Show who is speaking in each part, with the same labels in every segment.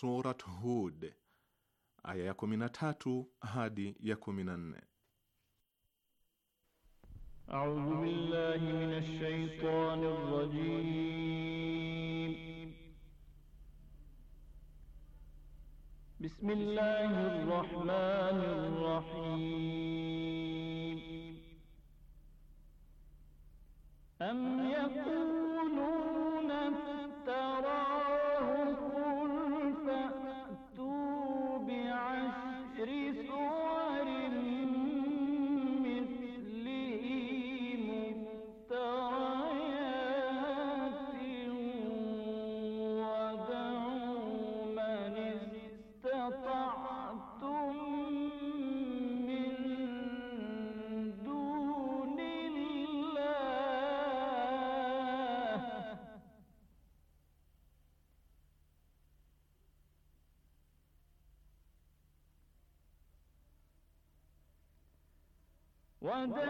Speaker 1: Surat Hud aya ya 13 hadi ya 14.
Speaker 2: A'udhu billahi minash shaitanir rajim. Bismillahir rahmanir rahim. Am yakun காதல்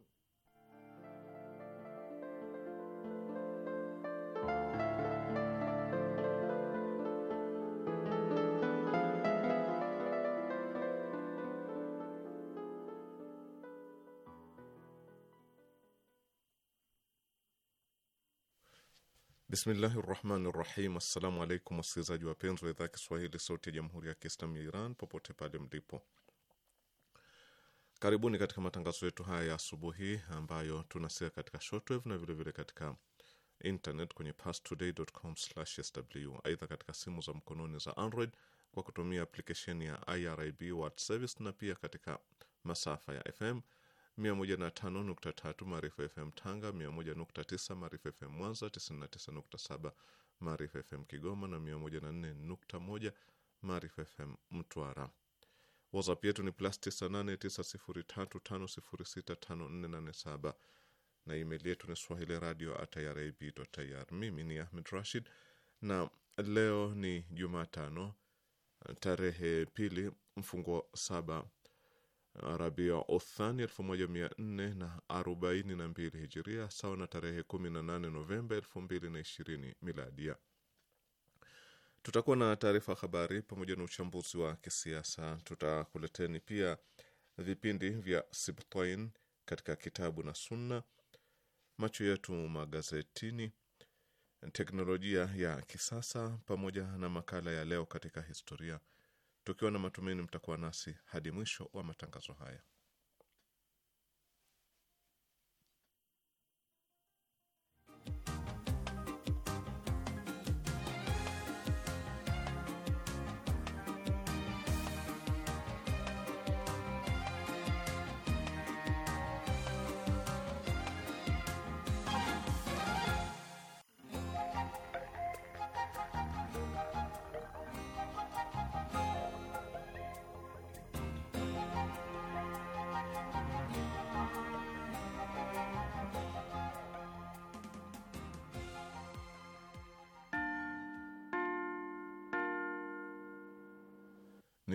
Speaker 1: Bismillahi rahmani rahim. Assalamu alaikum wasikilizaji wapenzi wa idhaa ya Kiswahili sauti ya jamhuri ya kiislamu ya Iran popote pale mlipo, karibuni katika matangazo yetu haya ya asubuhi ambayo tunasikia katika shortwave na vilevile vile katika internet kwenye pastoday.com/sw. Aidha, katika simu za mkononi za Android kwa kutumia aplikesheni ya IRIB World Service na pia katika masafa ya FM 105.3 Maarifa FM Tanga, 101.9 Maarifa FM Mwanza, 99.7 Maarifa FM Kigoma na 104.1 Maarifa FM Mtwara. WhatsApp yetu ni plus 989035065487 na email yetu ni swahili radio irib.ir. Mimi ni Ahmed Rashid na leo ni Jumatano tarehe pili mfungo saba Rabia Uthani 1442 hijiria sawa na tarehe 18 Novemba 2020 miladia. Tutakuwa na taarifa habari pamoja na uchambuzi wa kisiasa. Tutakuleteni pia vipindi vya Sibtain katika kitabu na Sunna, macho yetu magazetini, teknolojia ya kisasa, pamoja na makala ya leo katika historia tukiwa na matumaini mtakuwa nasi hadi mwisho wa matangazo haya.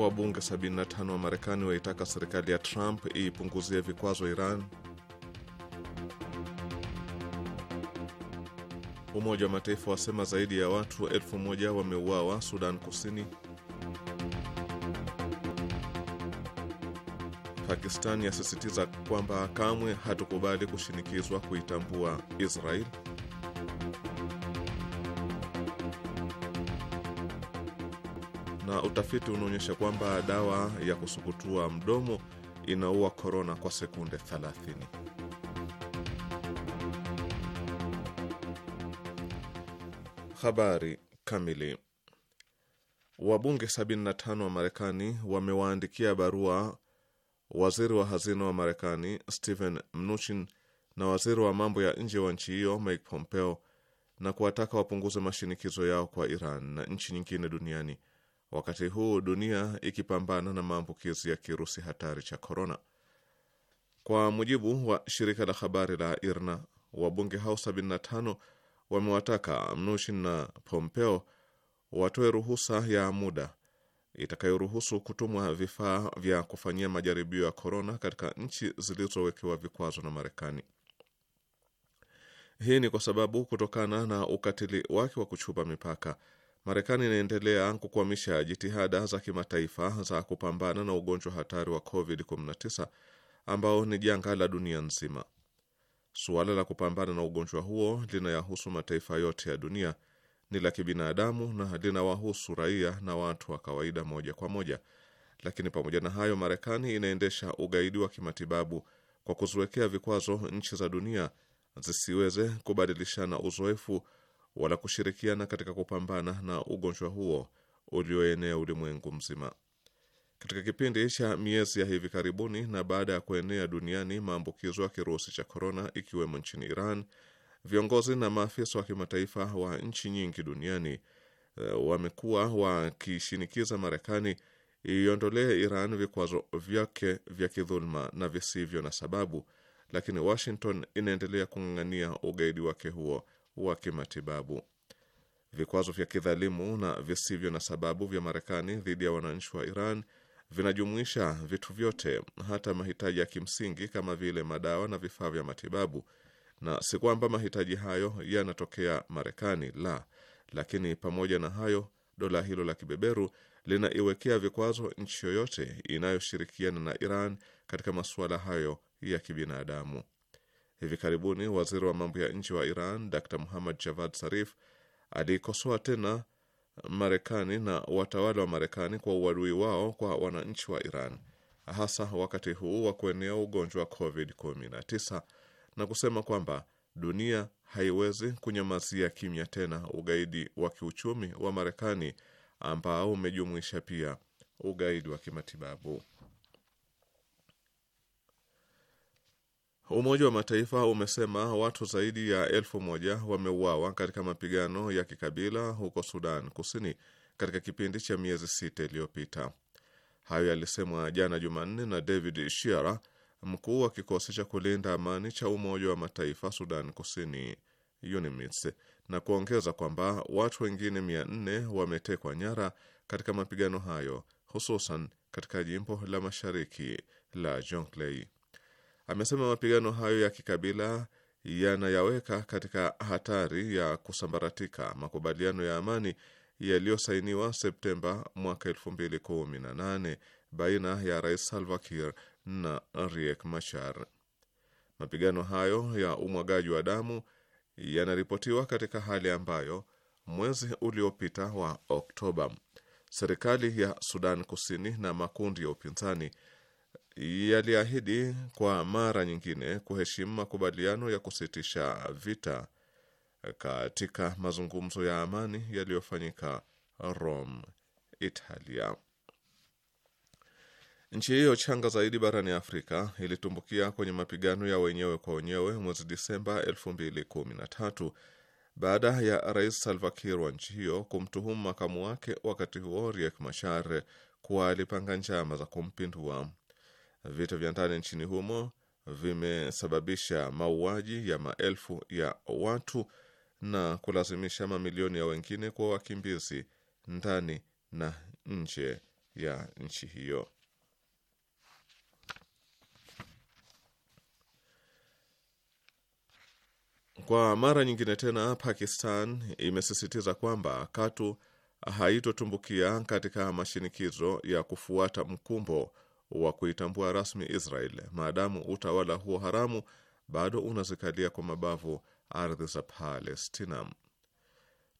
Speaker 1: Wabunge 75 wa Marekani waitaka serikali ya Trump iipunguzie vikwazo Iran. Umoja wa Mataifa wasema zaidi ya watu elfu moja wameuawa Sudan Kusini. pakistani yasisitiza kwamba kamwe hatukubali kushinikizwa kuitambua Israel. na utafiti unaonyesha kwamba dawa ya kusukutua mdomo inaua korona kwa sekunde 30. Habari kamili. Wabunge 75 wa Marekani wamewaandikia barua waziri wa hazina wa Marekani stehen Mnuchin na waziri wa mambo ya nje wa nchi hiyo Mike Pompeo na kuwataka wapunguze mashinikizo yao kwa Iran na nchi nyingine duniani wakati huu dunia ikipambana na maambukizi ya kirusi hatari cha korona. Kwa mujibu wa shirika la habari la IRNA, wabunge hao 75 wamewataka Mnuchin na Pompeo watoe ruhusa ya muda itakayoruhusu kutumwa vifaa vya kufanyia majaribio ya korona katika nchi zilizowekewa vikwazo na Marekani. Hii ni kwa sababu kutokana na ukatili wake wa kuchupa mipaka Marekani inaendelea kukwamisha jitihada za kimataifa za kupambana na ugonjwa hatari wa COVID-19 ambao ni janga la dunia nzima. Suala la kupambana na ugonjwa huo linayahusu mataifa yote ya dunia, ni la kibinadamu na linawahusu raia na watu wa kawaida moja kwa moja. Lakini pamoja na hayo, Marekani inaendesha ugaidi wa kimatibabu kwa kuziwekea vikwazo nchi za dunia zisiweze kubadilishana uzoefu wala kushirikiana katika kupambana na ugonjwa huo ulioenea ulimwengu mzima. Katika kipindi cha miezi ya hivi karibuni na baada ya kuenea duniani maambukizo ya kirusi cha korona, ikiwemo nchini Iran, viongozi na maafisa wa kimataifa wa nchi nyingi duniani e, wamekuwa wakishinikiza Marekani iondolee Iran vikwazo vyake vya kidhuluma na visivyo na sababu, lakini Washington inaendelea kung'ang'ania ugaidi wake huo wa kimatibabu. Vikwazo vya kidhalimu na visivyo na sababu vya Marekani dhidi ya wananchi wa Iran vinajumuisha vitu vyote, hata mahitaji ya kimsingi kama vile madawa na vifaa vya matibabu, na si kwamba mahitaji hayo yanatokea Marekani, la, lakini pamoja na hayo dola hilo la kibeberu linaiwekea vikwazo nchi yoyote inayoshirikiana na Iran katika masuala hayo ya kibinadamu. Hivi karibuni waziri wa mambo ya nje wa Iran Dr Muhammad Javad Zarif aliikosoa tena Marekani na watawala wa Marekani kwa uadui wao kwa wananchi wa Iran, hasa wakati huu wa kuenea ugonjwa wa COVID-19 na kusema kwamba dunia haiwezi kunyamazia kimya tena ugaidi wa kiuchumi wa Marekani ambao umejumuisha pia ugaidi wa kimatibabu. Umoja wa Mataifa umesema watu zaidi ya elfu moja wameuawa katika mapigano ya kikabila huko Sudan Kusini katika kipindi cha miezi sita iliyopita. Hayo yalisemwa jana Jumanne na David Shiara, mkuu wa kikosi cha kulinda amani cha Umoja wa Mataifa Sudan Kusini, UNMISS, na kuongeza kwamba watu wengine mia nne wametekwa nyara katika mapigano hayo, hususan katika jimbo la mashariki la Jonglei amesema mapigano hayo ya kikabila yanayaweka katika hatari ya kusambaratika makubaliano ya amani yaliyosainiwa Septemba mwaka 2018 baina ya Rais Salva Kiir na Riek Machar. Mapigano hayo ya umwagaji wa damu yanaripotiwa katika hali ambayo mwezi uliopita wa Oktoba serikali ya Sudan Kusini na makundi ya upinzani yaliahidi kwa mara nyingine kuheshimu makubaliano ya kusitisha vita katika mazungumzo ya amani yaliyofanyika Rome, Italia. Nchi hiyo changa zaidi barani Afrika ilitumbukia kwenye mapigano ya wenyewe kwa wenyewe mwezi Disemba 2013 baada ya Rais Salva Kiir wa nchi hiyo kumtuhumu makamu wake wakati huo Riek Machar kuwa alipanga njama za kumpindua. Vita vya ndani nchini humo vimesababisha mauaji ya maelfu ya watu na kulazimisha mamilioni ya wengine kuwa wakimbizi ndani na nje ya nchi hiyo. Kwa mara nyingine tena, Pakistan imesisitiza kwamba katu haitotumbukia katika mashinikizo ya kufuata mkumbo wa kuitambua rasmi Israel, maadamu utawala huo haramu bado unazikalia kwa mabavu ardhi za Palestina.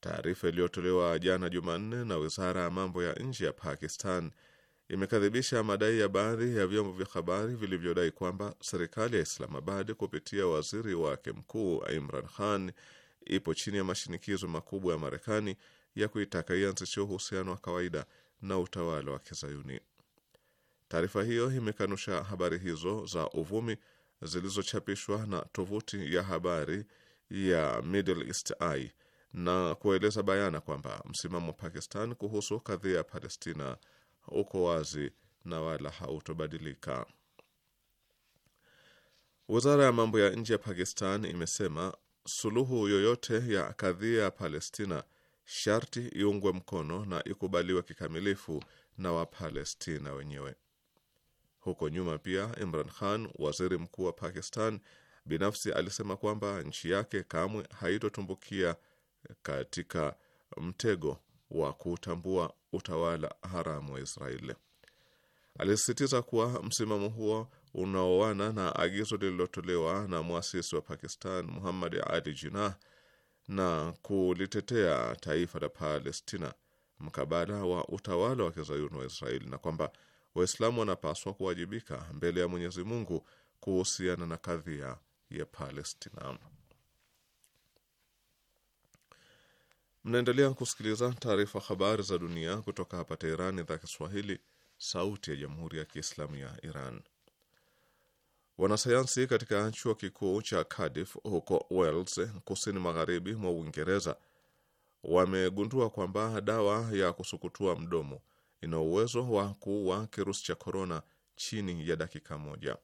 Speaker 1: Taarifa iliyotolewa jana Jumanne na wizara ya mambo ya nje ya Pakistan imekadhibisha madai ya baadhi ya vyombo vya habari vilivyodai kwamba serikali ya Islamabad kupitia waziri wake mkuu Imran Khan ipo chini ya mashinikizo makubwa ya Marekani ya kuitaka ianzishe uhusiano wa kawaida na utawala wa Kizayuni. Taarifa hiyo imekanusha habari hizo za uvumi zilizochapishwa na tovuti ya habari ya Middle East Eye na kueleza bayana kwamba msimamo wa Pakistan kuhusu kadhia ya Palestina uko wazi na wala hautobadilika. Wizara ya mambo ya nje ya Pakistan imesema suluhu yoyote ya kadhia ya Palestina sharti iungwe mkono na ikubaliwe kikamilifu na Wapalestina wenyewe. Huko nyuma pia, Imran Khan, waziri mkuu wa Pakistan, binafsi alisema kwamba nchi yake kamwe haitotumbukia katika mtego wa kutambua utawala haramu wa Israeli. Alisisitiza kuwa msimamo huo unaoana na agizo lililotolewa na mwasisi wa Pakistan Muhammad Ali Jinnah na kulitetea taifa la Palestina mkabala wa utawala wa kizayuni wa Israeli na kwamba Waislamu wanapaswa kuwajibika mbele ya Mwenyezi Mungu kuhusiana na kadhia ya Palestina. Mnaendelea kusikiliza taarifa habari za dunia kutoka hapa Teherani, idhaa Kiswahili, sauti ya jamhuri ya kiislamu ya Iran. Wanasayansi katika chuo kikuu cha Cardiff huko Wales, kusini magharibi mwa Uingereza, wamegundua kwamba dawa ya kusukutua mdomo ina uwezo wa kuua kirusi cha korona chini ya dakika moja.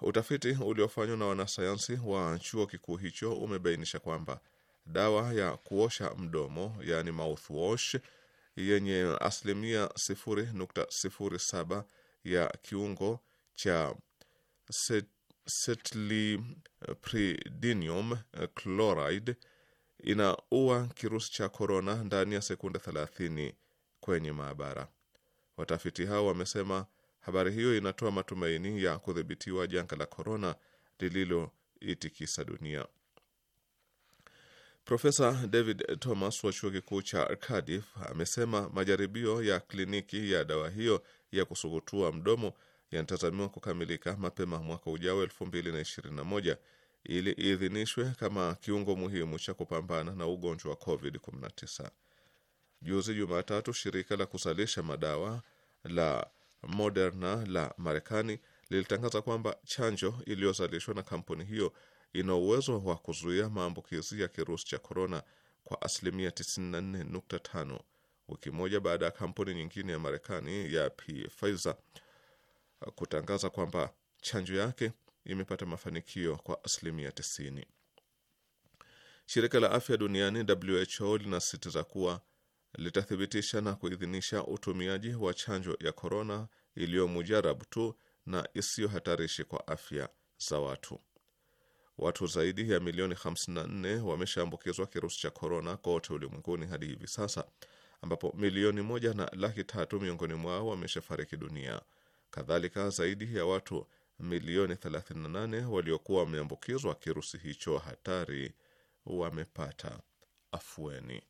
Speaker 1: Utafiti uliofanywa na wanasayansi wa chuo kikuu hicho umebainisha kwamba dawa ya kuosha mdomo yani mouthwash yenye asilimia 0.07 ya kiungo cha cetylpridinium chloride inaua kirusi cha korona ndani ya sekunde 30 kwenye maabara. Watafiti hao wamesema habari hiyo inatoa matumaini ya kudhibitiwa janga la korona lililoitikisa dunia. Profesa David Thomas wa chuo kikuu cha Cardiff amesema majaribio ya kliniki ya dawa hiyo ya kusugutua mdomo yanatazamiwa kukamilika mapema mwaka ujao 2021 ili iidhinishwe kama kiungo muhimu cha kupambana na ugonjwa wa COVID-19. Juzi Jumatatu, shirika la kuzalisha madawa la Moderna la Marekani lilitangaza kwamba chanjo iliyozalishwa na kampuni hiyo ina uwezo wa kuzuia maambukizi ya kirusi cha korona kwa asilimia 94.5, wiki moja baada ya kampuni nyingine ya Marekani ya Pfizer kutangaza kwamba chanjo yake imepata mafanikio kwa asilimia 90. Shirika la afya duniani WHO linasisitiza kuwa litathibitisha na kuidhinisha utumiaji wa chanjo ya korona iliyomujarabu tu na isiyo hatarishi kwa afya za watu. Watu zaidi ya milioni 54 wameshaambukizwa kirusi cha korona kote ulimwenguni hadi hivi sasa, ambapo milioni moja na laki tatu miongoni mwao wameshafariki dunia. Kadhalika, zaidi ya watu milioni 38 waliokuwa wameambukizwa kirusi hicho hatari wamepata afueni.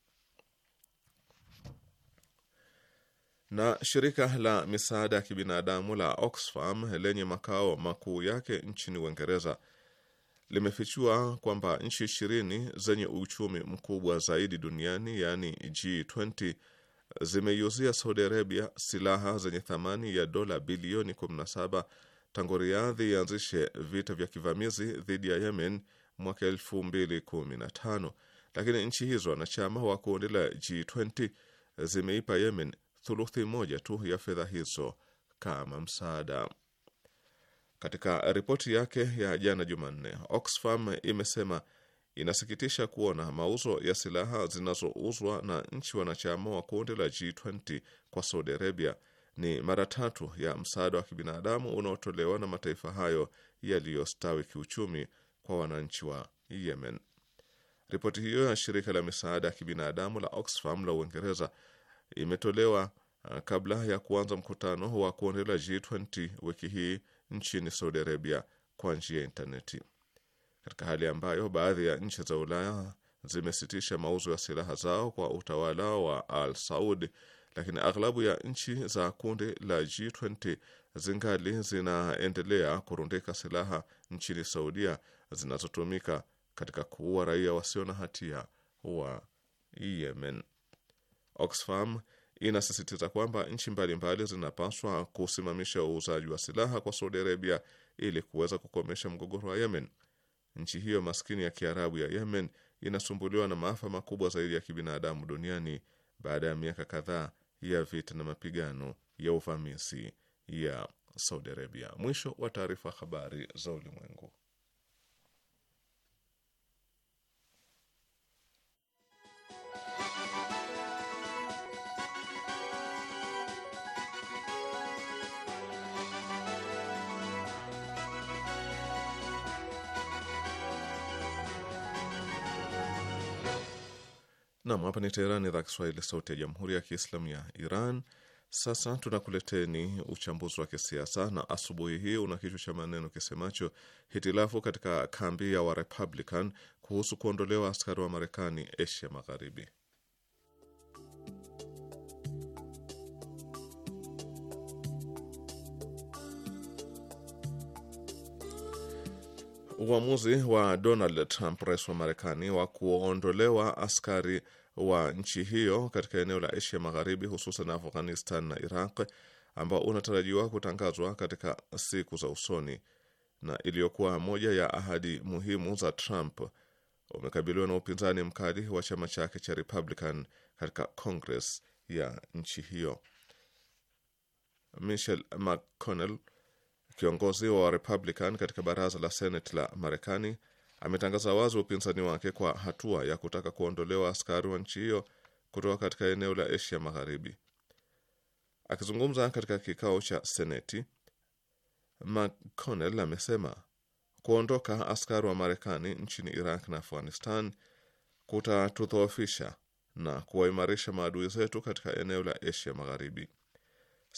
Speaker 1: na shirika la misaada ya kibinadamu la Oxfam lenye makao makuu yake nchini Uingereza limefichua kwamba nchi ishirini zenye uchumi mkubwa zaidi duniani yaani G20 zimeiuzia Saudi Arabia silaha zenye thamani ya dola bilioni 17 tangu Riadhi ianzishe vita vya kivamizi dhidi ya Yemen mwaka 2015, lakini nchi hizo wanachama wa kundi la G20 zimeipa Yemen thuluthi moja tu ya fedha hizo kama msaada. Katika ripoti yake ya jana Jumanne, Oxfam imesema inasikitisha kuona mauzo ya silaha zinazouzwa na nchi wanachama wa kundi la G20 kwa Saudi Arabia ni mara tatu ya msaada wa kibinadamu unaotolewa na mataifa hayo yaliyostawi kiuchumi kwa wananchi wa Yemen. Ripoti hiyo ya shirika la misaada ya kibinadamu la Oxfam la Uingereza imetolewa uh, kabla ya kuanza mkutano wa la G20 wiki hii nchini Saudi Arabia kwa njia ya intaneti, katika hali ambayo baadhi ya nchi za Ulaya zimesitisha mauzo ya silaha zao kwa utawala wa Al Saud, lakini aghlabu ya nchi za kundi la G20 zingali zinaendelea kurundika silaha nchini Saudia zinazotumika katika kuua raia wasio na hatia wa Yemen. Oxfam inasisitiza kwamba nchi mbalimbali zinapaswa kusimamisha uuzaji wa silaha kwa Saudi Arabia ili kuweza kukomesha mgogoro wa Yemen. Nchi hiyo maskini ya Kiarabu ya Yemen inasumbuliwa na maafa makubwa zaidi ya kibinadamu duniani baada ya miaka kadhaa ya vita na mapigano ya uvamizi ya Saudi Arabia. Mwisho wa taarifa. Habari za Ulimwengu. Nam, hapa ni Teherani, idhaa Kiswahili, sauti ya jamhuri ya kiislamu ya Iran. Sasa tunakuleteni uchambuzi wa kisiasa na asubuhi hii una kichwa cha maneno kisemacho hitilafu katika kambi ya Warepublican kuhusu kuondolewa askari wa Marekani Asia Magharibi. Uamuzi wa Donald Trump, rais wa Marekani, wa kuondolewa askari wa nchi hiyo katika eneo la Asia Magharibi, hususan Afghanistan na Iraq, ambao unatarajiwa kutangazwa katika siku za usoni na iliyokuwa moja ya ahadi muhimu za Trump, umekabiliwa na upinzani mkali wa chama chake cha Republican katika Congress ya nchi hiyo. Michelle McConnell Kiongozi wa Republican katika baraza la Senate la Marekani ametangaza wazi upinzani wake kwa hatua ya kutaka kuondolewa askari wa nchi hiyo kutoka katika eneo la Asia Magharibi. Akizungumza katika kikao cha Seneti, McConnell amesema kuondoka askari wa Marekani nchini Iraq na Afghanistan kutatudhoofisha na kuwaimarisha maadui zetu katika eneo la Asia Magharibi.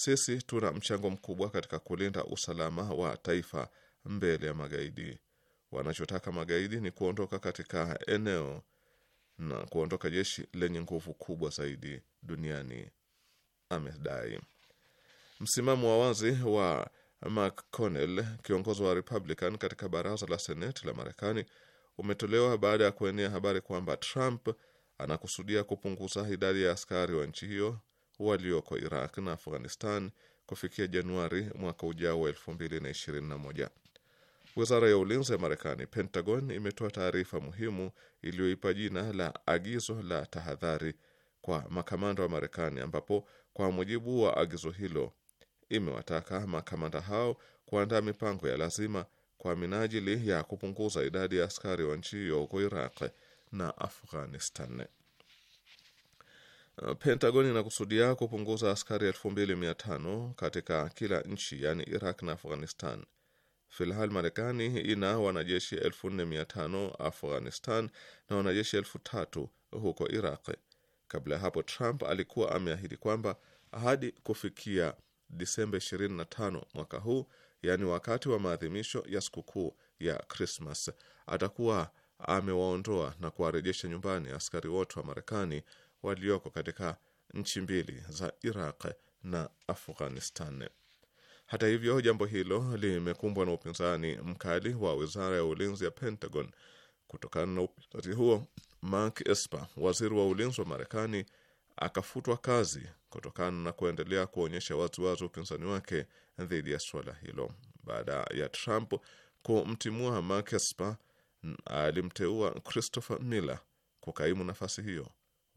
Speaker 1: Sisi tuna mchango mkubwa katika kulinda usalama wa taifa mbele ya magaidi. Wanachotaka magaidi ni kuondoka katika eneo na kuondoka jeshi lenye nguvu kubwa zaidi duniani, amedai. Msimamo wa wazi wa McConnell, kiongozi wa Republican katika baraza la seneti la Marekani, umetolewa baada ya kuenea habari kwamba Trump anakusudia kupunguza idadi ya askari wa nchi hiyo walioko Iraq na Afghanistan kufikia Januari mwaka ujao wa 2021. Wizara ya ulinzi ya Marekani, Pentagon, imetoa taarifa muhimu iliyoipa jina la agizo la tahadhari kwa makamanda wa Marekani, ambapo kwa mujibu wa agizo hilo imewataka makamanda hao kuandaa mipango ya lazima kwa minajili ya kupunguza idadi ya askari wa nchi hiyo huko Iraq na Afghanistan. Uh, Pentagon inakusudia kupunguza askari 2500 katika kila nchi, yani Iraq na Afghanistan. Filhal Marekani ina wanajeshi 4500 Afghanistan na wanajeshi 3000 huko Iraq. Kabla ya hapo, Trump alikuwa ameahidi kwamba hadi kufikia Disemba 25 mwaka huu, yaani wakati wa maadhimisho ya sikukuu ya Krismas, atakuwa amewaondoa na kuwarejesha nyumbani askari wote wa Marekani walioko katika nchi mbili za Iraq na Afghanistan. Hata hivyo, jambo hilo limekumbwa na upinzani mkali wa wizara ya ulinzi ya Pentagon. Kutokana na upinzani huo, Mark Esper, waziri wa ulinzi wa Marekani, akafutwa kazi kutokana na kuendelea kuonyesha waziwazi upinzani wake dhidi ya suala hilo. Baada ya Trump kumtimua Mark Esper, alimteua Christopher Miller kukaimu nafasi hiyo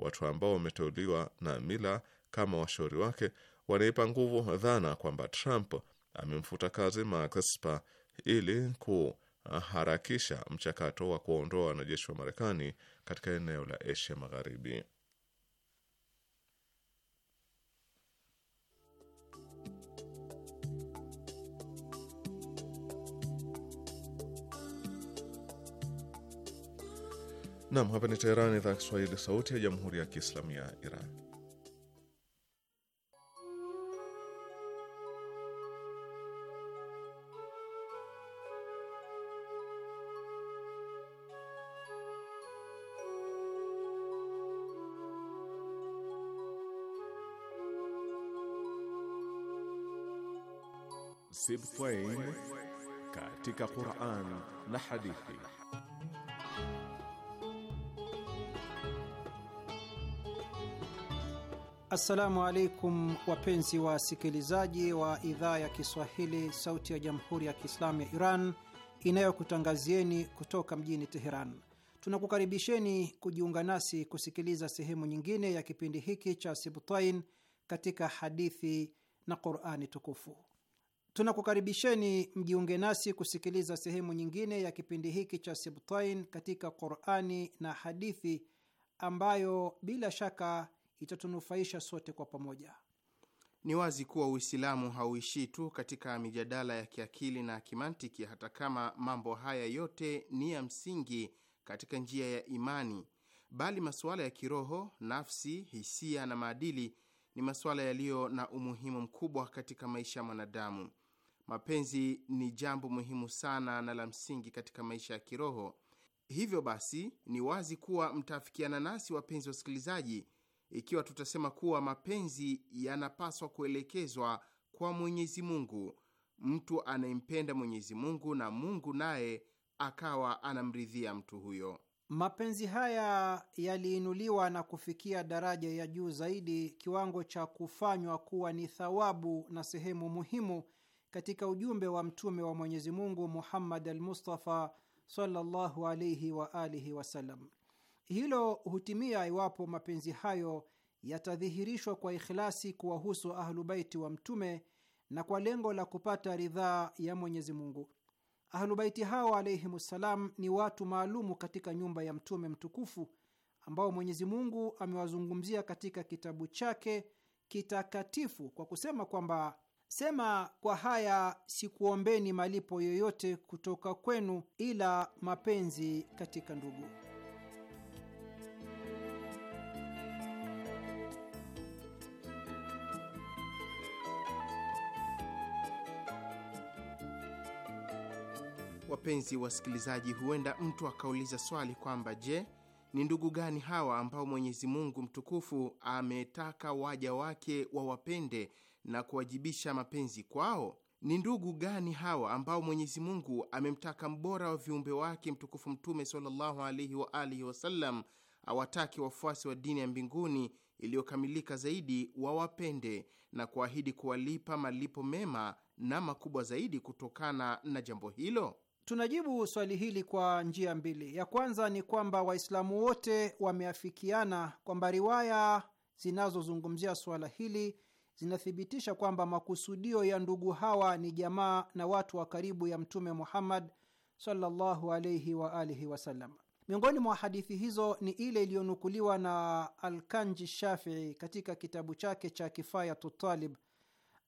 Speaker 1: watu ambao wameteuliwa na Mila kama washauri wake wanaipa nguvu dhana kwamba Trump amemfuta kazi Mark Esper ili kuharakisha mchakato wa kuondoa wanajeshi wa Marekani katika eneo la Asia Magharibi. Nam, hapa ni Teherani, idhaa Kiswahili, sauti ya jamhuri ya kiislamu ya Iran. Sibtain katika Qur'an na hadithi.
Speaker 3: Assalamu alaikum wapenzi wasikilizaji wa idhaa ya Kiswahili sauti ya jamhuri ya Kiislamu ya Iran inayokutangazieni kutoka mjini Teheran. Tunakukaribisheni kujiunga nasi kusikiliza sehemu nyingine ya kipindi hiki cha Sibtain katika hadithi na Qurani tukufu. Tunakukaribisheni mjiunge nasi kusikiliza sehemu nyingine ya kipindi hiki cha Sibtain katika Qurani na hadithi ambayo bila shaka itatunufaisha sote kwa pamoja.
Speaker 4: Ni wazi kuwa Uislamu hauishii tu katika mijadala ya kiakili na kimantiki, hata kama mambo haya yote ni ya msingi katika njia ya imani, bali masuala ya kiroho, nafsi, hisia na maadili ni masuala yaliyo na umuhimu mkubwa katika maisha ya mwanadamu. Mapenzi ni jambo muhimu sana na la msingi katika maisha ya kiroho. Hivyo basi, ni wazi kuwa mtaafikiana nasi, wapenzi wasikilizaji ikiwa tutasema kuwa mapenzi yanapaswa kuelekezwa kwa Mwenyezi Mungu, mtu anayempenda Mwenyezi Mungu na Mungu naye akawa anamridhia mtu huyo.
Speaker 3: Mapenzi haya yaliinuliwa na kufikia daraja ya juu zaidi, kiwango cha kufanywa kuwa ni thawabu na sehemu muhimu katika ujumbe wa mtume wa Mwenyezi Mungu Muhammad al-Mustafa sallallahu wa alihi wasallam. Hilo hutimia iwapo mapenzi hayo yatadhihirishwa kwa ikhlasi kuwahusu Ahlubaiti wa Mtume na kwa lengo la kupata ridhaa ya Mwenyezi Mungu. Ahlubaiti hao alaihimu ssalam ni watu maalumu katika nyumba ya Mtume mtukufu ambao Mwenyezi Mungu amewazungumzia katika kitabu chake kitakatifu kwa kusema kwamba Sema kwa haya sikuombeni malipo yoyote kutoka kwenu ila mapenzi katika ndugu.
Speaker 4: Wapenzi wasikilizaji, huenda mtu akauliza swali kwamba je, ni ndugu gani hawa ambao Mwenyezi Mungu mtukufu ametaka waja wake wawapende na kuwajibisha mapenzi kwao? Ni ndugu gani hawa ambao Mwenyezi Mungu amemtaka mbora wa viumbe wake mtukufu Mtume sallallahu alaihi wa alihi wasallam awatake wafuasi wa dini ya mbinguni iliyokamilika zaidi wawapende na kuahidi kuwalipa malipo mema na makubwa zaidi kutokana na jambo hilo?
Speaker 3: Tunajibu swali hili kwa njia mbili. Ya kwanza ni kwamba Waislamu wote wameafikiana kwamba riwaya zinazozungumzia suala hili zinathibitisha kwamba makusudio ya ndugu hawa ni jamaa na watu wa karibu ya Mtume Muhammad sallallahu wa alihi wasallam. Miongoni mwa hadithi hizo ni ile iliyonukuliwa na Alkanji Shafii katika kitabu chake cha Kifayatu Talib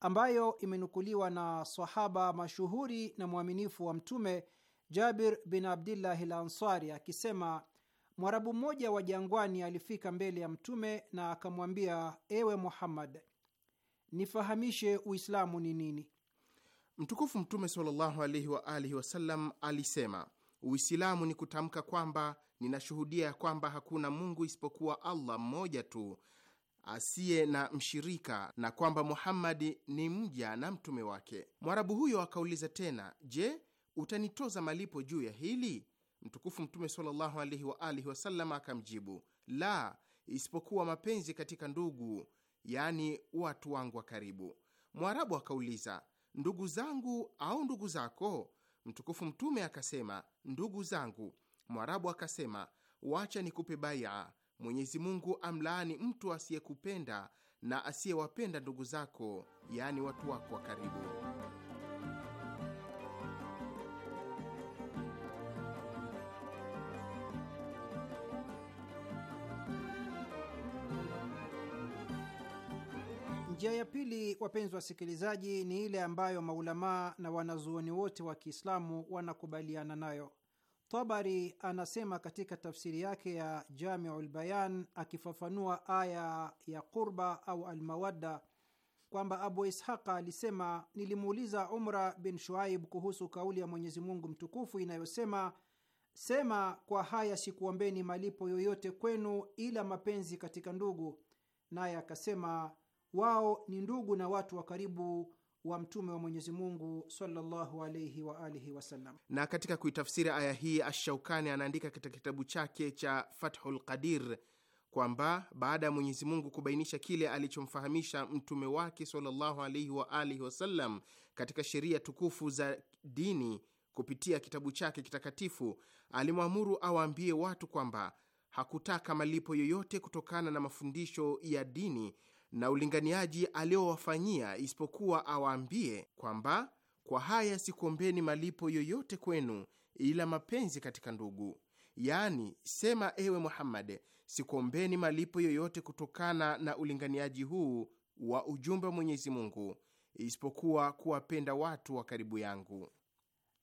Speaker 3: ambayo imenukuliwa na sahaba mashuhuri na mwaminifu wa Mtume Jabir bin Abdillah al Ansari akisema Mwarabu mmoja wa jangwani alifika mbele ya Mtume na akamwambia, ewe Muhammad, nifahamishe Uislamu ni nini? Mtukufu
Speaker 4: Mtume sallallahu alaihi wa alihi wasallam alisema, Uislamu ni kutamka kwamba ninashuhudia ya kwamba hakuna Mungu isipokuwa Allah mmoja tu, asiye na mshirika na kwamba Muhammadi ni mja na mtume wake. Mwarabu huyo akauliza tena, je, utanitoza malipo juu ya hili? Mtukufu Mtume sallallahu alaihi wa alihi wasallam akamjibu, la, isipokuwa mapenzi katika ndugu, yaani watu wangu wa karibu. Mwarabu akauliza, ndugu zangu au ndugu zako? Mtukufu Mtume akasema, ndugu zangu. Mwarabu akasema, wacha nikupe baia Mwenyezi Mungu amlaani mtu asiyekupenda na asiyewapenda ndugu zako, yaani watu wako wa karibu.
Speaker 3: Njia ya pili, wapenzi wasikilizaji, ni ile ambayo maulamaa na wanazuoni wote wa Kiislamu wanakubaliana nayo Tabari anasema katika tafsiri yake ya Jamiu lBayan akifafanua aya ya qurba au almawadda kwamba Abu Ishaqa alisema, nilimuuliza Umra bin Shuaib kuhusu kauli ya Mwenyezi Mungu mtukufu inayosema, sema kwa haya sikuombeni malipo yoyote kwenu ila mapenzi katika ndugu, naye akasema wao ni ndugu na watu wa karibu wa mtume wa Mwenyezi Mungu sallallahu alayhi wa alihi wasallam.
Speaker 4: Na katika kuitafsiri aya hii, Ashaukani anaandika katika kitabu chake cha Fathul Qadir kwamba baada ya Mwenyezi Mungu kubainisha kile alichomfahamisha mtume wake sallallahu alayhi wa alihi wasallam katika sheria tukufu za dini kupitia kitabu chake kitakatifu, alimwamuru awaambie watu kwamba hakutaka malipo yoyote kutokana na mafundisho ya dini na ulinganiaji aliowafanyia, isipokuwa awaambie kwamba kwa haya sikuombeni malipo yoyote kwenu ila mapenzi katika ndugu. Yaani, sema ewe Muhammad, sikuombeni malipo yoyote kutokana na ulinganiaji huu wa ujumbe wa Mwenyezi Mungu isipokuwa kuwapenda watu wa karibu yangu.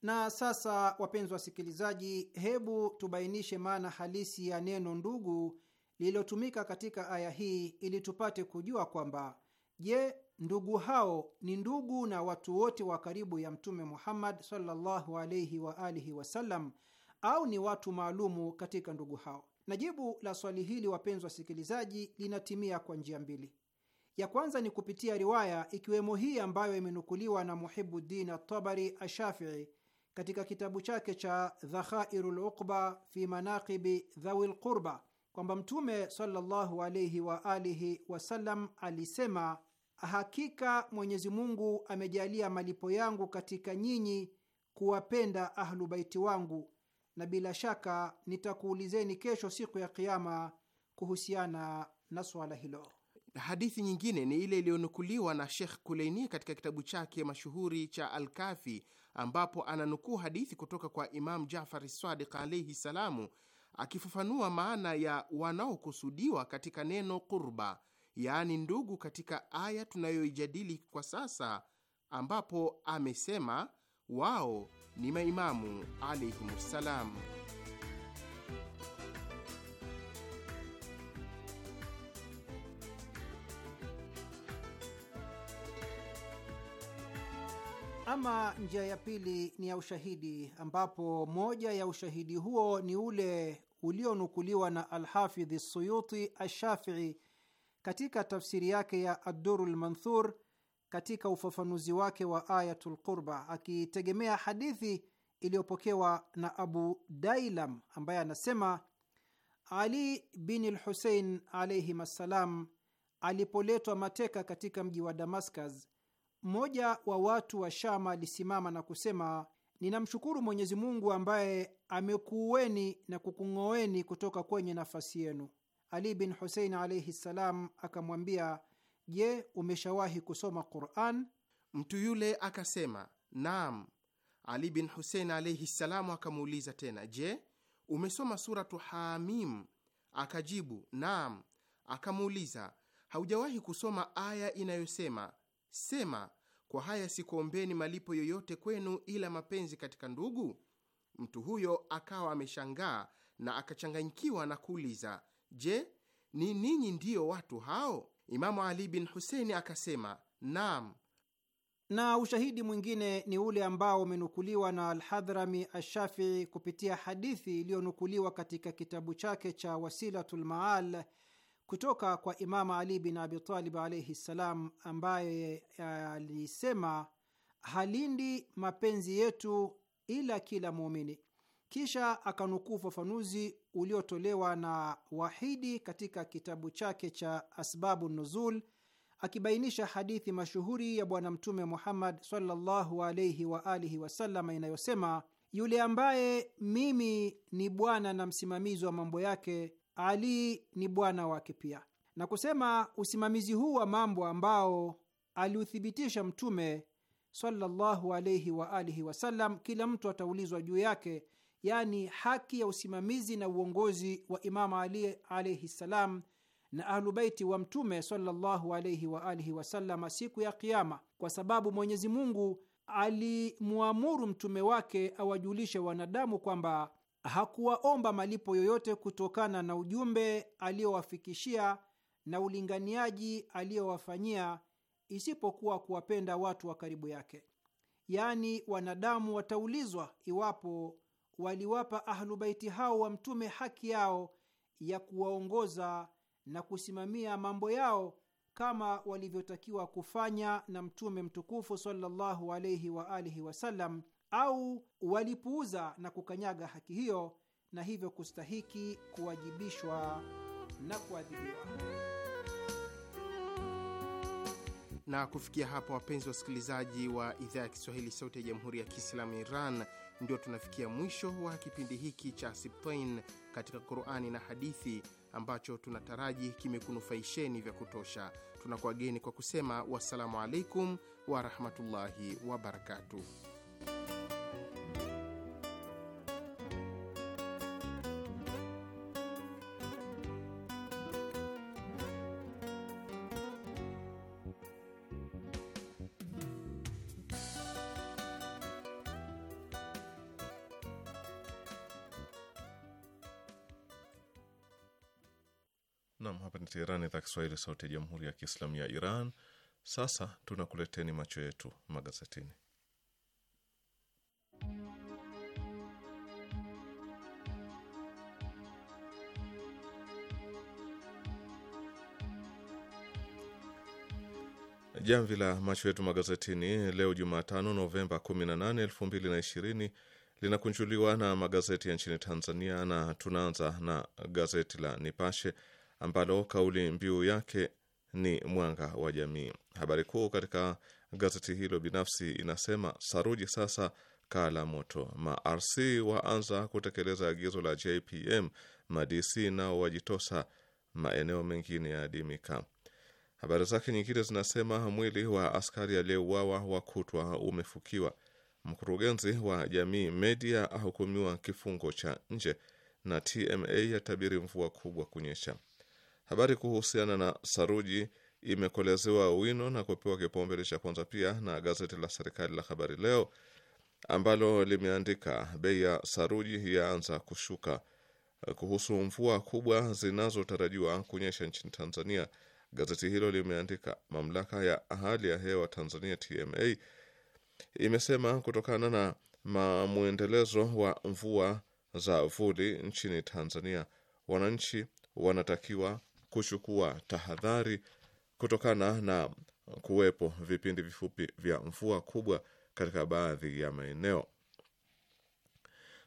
Speaker 3: Na sasa, wapenzi wasikilizaji, hebu tubainishe maana halisi ya neno ndugu lililotumika katika aya hii ili tupate kujua kwamba je, ndugu hao ni ndugu na watu wote wa karibu ya Mtume Muhammad sallallahu alaihi wa alihi wasallam au ni watu maalumu katika ndugu hao? Na jibu la swali hili, wapenzi wasikilizaji, linatimia kwa njia mbili. Ya kwanza ni kupitia riwaya ikiwemo hii ambayo imenukuliwa na Muhibuddin Atabari Ashafii katika kitabu chake cha Dhakhairu Uqba fi Manaqibi Dhawi Lqurba kwamba Mtume sallallahu alaihi wa alihi wasallam alisema, hakika Mwenyezi Mungu amejalia malipo yangu katika nyinyi kuwapenda Ahlu Baiti wangu, na bila shaka nitakuulizeni kesho siku ya Kiama kuhusiana na swala hilo. Hadithi
Speaker 4: nyingine ni ile iliyonukuliwa na Shekh Kuleini katika kitabu chake mashuhuri cha Alkafi, ambapo ananukuu hadithi kutoka kwa Imamu Jafari Sadiq alaihi salamu akifafanua maana ya wanaokusudiwa katika neno kurba, yaani ndugu, katika aya tunayoijadili kwa sasa, ambapo amesema wao ni maimamu alaihimussalam.
Speaker 3: Ama njia ya pili ni ya ushahidi, ambapo moja ya ushahidi huo ni ule ulionukuliwa na Alhafidhi Suyuti Ashafii katika tafsiri yake ya Adduru lmanthur katika ufafanuzi wake wa Ayatul Qurba akitegemea hadithi iliyopokewa na Abu Dailam ambaye anasema Ali bin Lhusein alaihim assalam alipoletwa mateka katika mji wa Damascus mmoja wa watu wa Sham alisimama na kusema, ninamshukuru Mwenyezi Mungu ambaye amekuueni na kukung'oeni kutoka kwenye nafasi yenu. Ali bin Husein alaihi ssalam akamwambia, je, umeshawahi kusoma Quran? Mtu yule akasema naam.
Speaker 4: Ali bin Husein alaihi ssalamu akamuuliza tena, je, umesoma suratu Hamim? Akajibu naam. Akamuuliza, haujawahi kusoma aya inayosema Sema, kwa haya sikuombeni malipo yoyote kwenu ila mapenzi katika ndugu. Mtu huyo akawa ameshangaa na akachanganyikiwa na kuuliza, je, ni ninyi ndiyo watu hao? Imamu Ali
Speaker 3: bin Huseini akasema, naam. Na ushahidi mwingine ni ule ambao umenukuliwa na Alhadhrami Ashafii kupitia hadithi iliyonukuliwa katika kitabu chake cha Wasilatul kutoka kwa Imama Ali bin Abi Talib alaihi ssalam, ambaye eh, alisema halindi mapenzi yetu ila kila muumini. Kisha akanukuu ufafanuzi uliotolewa na Wahidi katika kitabu chake cha Asbabu Nuzul akibainisha hadithi mashuhuri ya Bwana Mtume Muhammad sallallahu alaihi wa alihi wasallam inayosema, yule ambaye mimi ni bwana na msimamizi wa mambo yake ali ni bwana wake pia, na kusema usimamizi huu wa mambo ambao aliuthibitisha Mtume sallallahu alayhi wa alihi wasallam, kila mtu ataulizwa juu yake, yaani haki ya usimamizi na uongozi wa Imamu Ali alaihi ssalam na Ahlubeiti wa Mtume sallallahu alayhi wa alihi wasallam siku ya Kiama, kwa sababu Mwenyezi Mungu alimwamuru mtume wake awajulishe wanadamu kwamba hakuwaomba malipo yoyote kutokana na ujumbe aliowafikishia na ulinganiaji aliyowafanyia isipokuwa kuwapenda watu wa karibu yake. Yaani, wanadamu wataulizwa iwapo waliwapa ahlubaiti hao wa Mtume haki yao ya kuwaongoza na kusimamia mambo yao kama walivyotakiwa kufanya na Mtume mtukufu sallallahu alaihi waalihi wasallam au walipuuza na kukanyaga haki hiyo na hivyo kustahiki kuwajibishwa na kuadhibiwa.
Speaker 4: Na kufikia hapa, wapenzi wasikilizaji wa idhaa ya Kiswahili, Sauti ya Jamhuri ya Kiislamu Iran, ndio tunafikia mwisho wa kipindi hiki cha Sibtain katika Qurani na Hadithi ambacho tunataraji kimekunufaisheni vya kutosha. Tunakuwageni kwa kusema wassalamu alaikum warahmatullahi wabarakatuh.
Speaker 1: Nam, hapa ni Teherani, idhaa Kiswahili, sauti ya jamhuri ya kiislamu ya Iran. Sasa tunakuleteni macho yetu magazetini. Jamvi la macho yetu magazetini leo Jumatano, Novemba 18, 2020 linakunjuliwa na magazeti ya nchini Tanzania, na tunaanza na gazeti la Nipashe ambalo kauli mbiu yake ni mwanga wa jamii. Habari kuu katika gazeti hilo binafsi inasema saruji sasa kala moto, marc waanza kutekeleza agizo la JPM, madc nao wajitosa, maeneo mengine ya dimika Habari zake nyingine zinasema mwili wa askari aliyeuawa wakutwa umefukiwa, mkurugenzi wa jamii media ahukumiwa kifungo cha nje, na TMA yatabiri mvua kubwa kunyesha. Habari kuhusiana na saruji imekolezewa wino na kupewa kipaumbele cha kwanza pia na gazeti la serikali la Habari Leo ambalo limeandika bei ya saruji yaanza kushuka. Kuhusu mvua kubwa zinazotarajiwa kunyesha nchini Tanzania, gazeti hilo limeandika mamlaka ya hali ya hewa Tanzania TMA imesema kutokana na mwendelezo wa mvua za vuli nchini Tanzania, wananchi wanatakiwa kuchukua tahadhari kutokana na kuwepo vipindi vifupi vya mvua kubwa katika baadhi ya maeneo.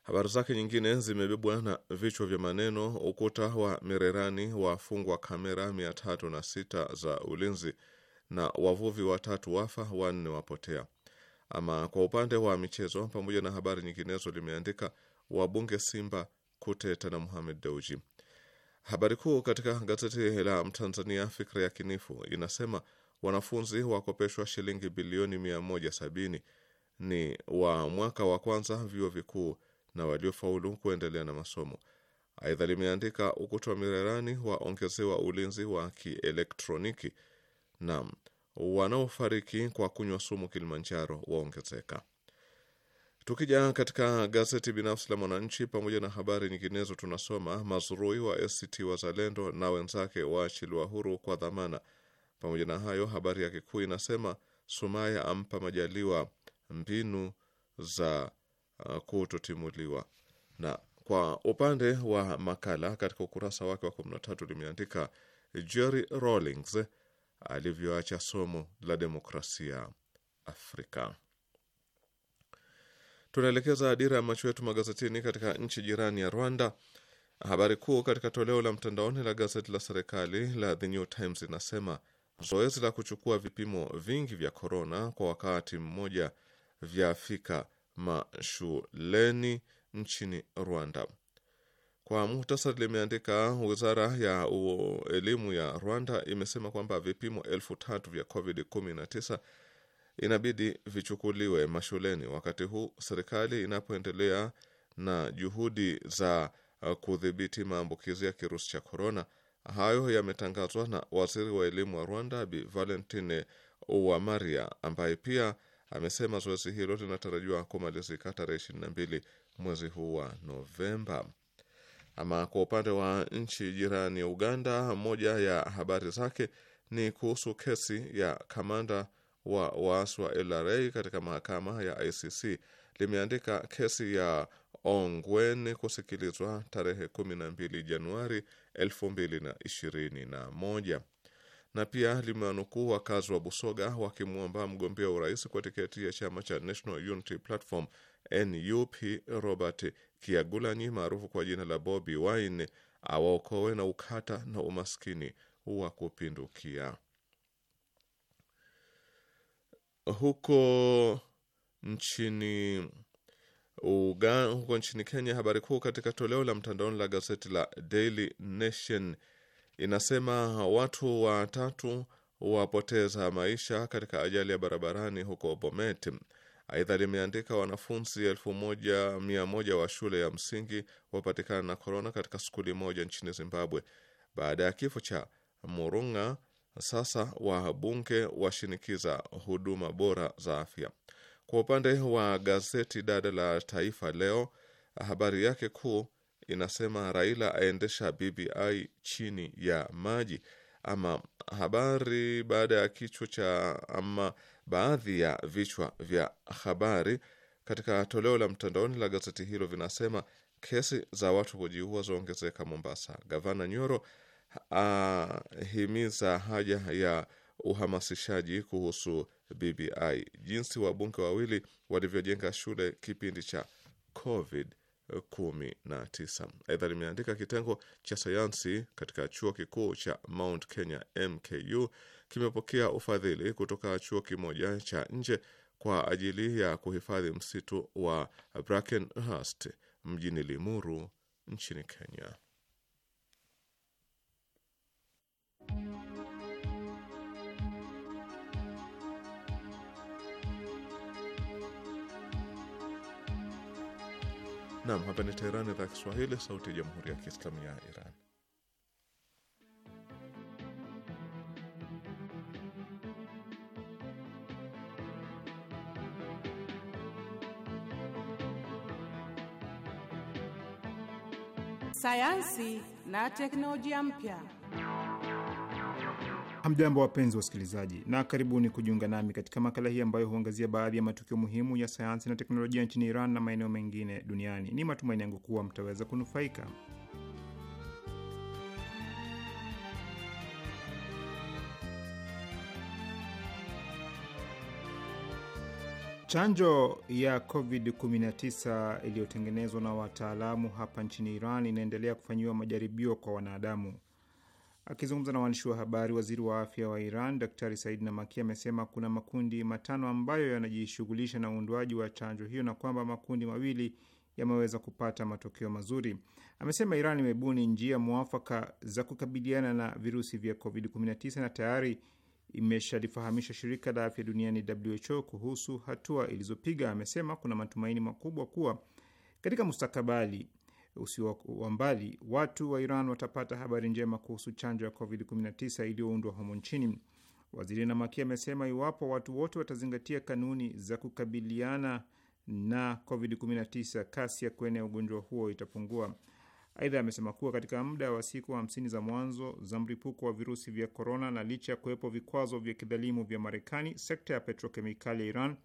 Speaker 1: Habari zake nyingine zimebebwa na vichwa vya maneno: ukuta wa Mererani wafungwa kamera mia tatu na sita za ulinzi, na wavuvi watatu wafa, wanne wapotea. Ama kwa upande wa michezo, pamoja na habari nyinginezo, limeandika wabunge Simba kuteta na Muhamed Deuji, Habari kuu katika gazeti la Mtanzania Fikra ya Kinifu inasema wanafunzi wakopeshwa shilingi bilioni 170 ni wa mwaka wa kwanza vyuo vikuu na waliofaulu kuendelea na masomo. Aidha limeandika ukuta wa Mirerani waongezewa ulinzi wa kielektroniki na wanaofariki kwa kunywa sumu Kilimanjaro waongezeka. Tukija katika gazeti binafsi la Mwananchi pamoja na habari nyinginezo, tunasoma Mazurui wa ACT Wazalendo na wenzake waachiliwa huru kwa dhamana. Pamoja na hayo, habari yake kuu inasema Sumaya ampa Majaliwa mbinu za uh, kutotimuliwa. Na kwa upande wa makala katika ukurasa wake wa 13 limeandika Jerry Rawlings alivyoacha somo la demokrasia Afrika. Tunaelekeza dira ya macho yetu magazetini katika nchi jirani ya Rwanda. Habari kuu katika toleo la mtandaoni la gazeti la serikali la The New Times inasema zoezi la kuchukua vipimo vingi vya korona kwa wakati mmoja vyafika mashuleni nchini Rwanda. Kwa muhtasari, limeandika wizara ya elimu ya Rwanda imesema kwamba vipimo elfu tatu vya COVID-19 inabidi vichukuliwe mashuleni wakati huu serikali inapoendelea na juhudi za uh, kudhibiti maambukizi ya kirusi cha korona. Hayo yametangazwa na waziri wa elimu wa Rwanda Bi Valentine Uwamaria, ambaye pia amesema zoezi hilo linatarajiwa kumalizika tarehe mbili mwezi huu wa Novemba. Ama kwa upande wa nchi jirani Uganda, moja ya habari zake ni kuhusu kesi ya kamanda wa waasi wa LRA katika mahakama ya ICC limeandika kesi ya Ongwen kusikilizwa tarehe 12 Januari 2021 na pia limewanukuu wakazi wa Busoga wakimwomba mgombea urais kwa tiketi ya chama cha National Unity Platform NUP Robert Kiagulanyi maarufu kwa jina la Bobi Wine awaokowe na ukata na umaskini wa kupindukia huko nchini Uga, huko nchini Kenya, habari kuu katika toleo la mtandaoni la gazeti la Daily Nation inasema watu watatu wapoteza maisha katika ajali ya barabarani huko Bomet. Aidha, limeandika wanafunzi elfu moja mia moja wa shule ya msingi wapatikana na korona katika skuli moja nchini Zimbabwe baada ya kifo cha Murunga sasa wabunge washinikiza huduma bora za afya. Kwa upande wa gazeti dada la Taifa Leo, habari yake kuu inasema Raila aendesha BBI chini ya maji. Ama habari baada ya kichwa cha ama baadhi ya vichwa vya habari katika toleo la mtandaoni la gazeti hilo vinasema kesi za watu kujiua zaongezeka Mombasa, gavana Nyoro ahimiza haja ya uhamasishaji kuhusu BBI, jinsi wabunge wawili walivyojenga shule kipindi cha Covid 19. Aidha, limeandika kitengo cha sayansi katika chuo kikuu cha Mount Kenya MKU kimepokea ufadhili kutoka chuo kimoja cha nje kwa ajili ya kuhifadhi msitu wa Brackenhurst mjini Limuru nchini Kenya. Naam, hapa ni Teherani, idhaa ya Kiswahili, sauti ya jamhuri ya kiislamu ya Iran.
Speaker 5: Sayansi na teknolojia mpya.
Speaker 6: Hamjambo, wapenzi wa wasikilizaji, na karibuni kujiunga nami katika makala hii ambayo huangazia baadhi ya matukio muhimu ya sayansi na teknolojia nchini Iran na maeneo mengine duniani. Ni matumaini yangu kuwa mtaweza kunufaika. Chanjo ya COVID-19 iliyotengenezwa na wataalamu hapa nchini Iran inaendelea kufanyiwa majaribio kwa wanadamu. Akizungumza na waandishi wa habari, waziri wa afya wa Iran Daktari Said Namaki amesema kuna makundi matano ambayo yanajishughulisha na uundoaji wa chanjo hiyo na kwamba makundi mawili yameweza kupata matokeo mazuri. Amesema Iran imebuni njia mwafaka za kukabiliana na virusi vya COVID-19 na tayari imeshalifahamisha shirika la afya duniani WHO kuhusu hatua ilizopiga. Amesema kuna matumaini makubwa kuwa katika mustakabali usio wa mbali watu wa Iran watapata habari njema kuhusu chanjo ya COVID-19 iliyoundwa humo nchini. Waziri Namaki amesema iwapo watu wote watazingatia kanuni za kukabiliana na COVID-19, kasi ya kuenea ugonjwa huo itapungua. Aidha, amesema kuwa katika muda wa siku hamsini za mwanzo za mlipuko wa virusi vya korona, na licha ya kuwepo vikwazo vya kidhalimu vya Marekani, sekta ya petrokemikali ya Iran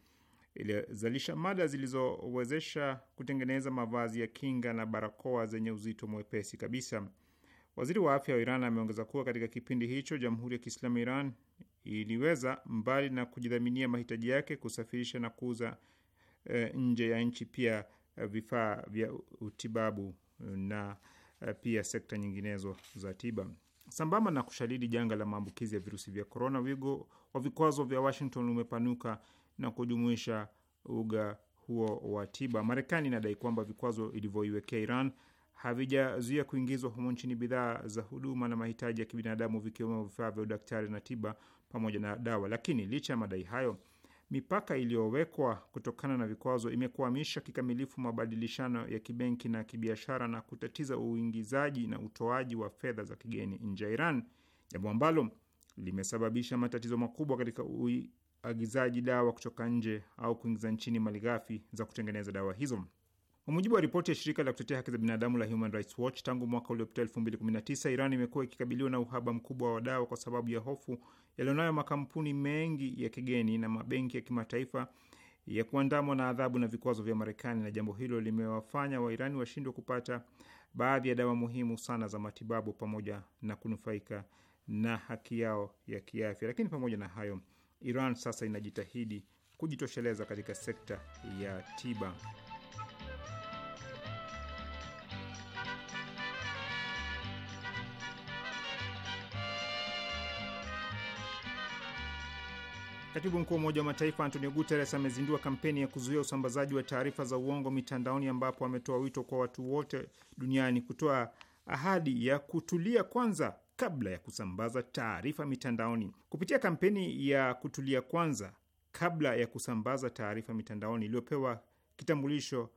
Speaker 6: ilizalisha mada zilizowezesha kutengeneza mavazi ya kinga na barakoa zenye uzito mwepesi kabisa. Waziri wa afya wa Iran ameongeza kuwa katika kipindi hicho Jamhuri ya Kiislamu ya Iran iliweza mbali na kujidhaminia mahitaji yake, kusafirisha na kuuza e, nje ya nchi pia e, vifaa vya utibabu na e, pia sekta nyinginezo za tiba. Sambamba na kushadidi janga la maambukizi ya virusi vya korona, wigo wa vikwazo vya Washington umepanuka na kujumuisha uga huo wa tiba. Marekani inadai kwamba vikwazo ilivyoiwekea Iran havijazuia kuingizwa humo nchini bidhaa za huduma na mahitaji ya kibinadamu vikiwemo vifaa vya udaktari na tiba pamoja na dawa. Lakini licha ya madai hayo, mipaka iliyowekwa kutokana na vikwazo imekwamisha kikamilifu mabadilishano ya kibenki na kibiashara na kutatiza uingizaji na utoaji wa fedha za kigeni nje ya Iran, jambo ambalo limesababisha matatizo makubwa katika uagizaji dawa kutoka nje au kuingiza nchini malighafi za kutengeneza dawa hizo. Kwa mujibu wa ripoti ya shirika la kutetea haki za binadamu la Human Rights Watch, tangu mwaka uliopita 2019 Iran imekuwa ikikabiliwa na uhaba mkubwa wa dawa kwa sababu ya hofu yaliyonayo makampuni mengi ya kigeni na mabenki ya kimataifa ya kuandamwa na adhabu na vikwazo vya Marekani, na jambo hilo limewafanya Wairani washindwe kupata baadhi ya dawa muhimu sana za matibabu pamoja na kunufaika na haki yao ya kiafya. Lakini pamoja na hayo Iran sasa inajitahidi kujitosheleza katika sekta ya tiba. Katibu mkuu wa Umoja wa Mataifa Antonio Guterres amezindua kampeni ya kuzuia usambazaji wa taarifa za uongo mitandaoni, ambapo ametoa wito kwa watu wote duniani kutoa ahadi ya kutulia kwanza kabla ya kusambaza taarifa mitandaoni. Kupitia kampeni ya kutulia kwanza kabla ya kusambaza taarifa mitandaoni iliyopewa kitambulisho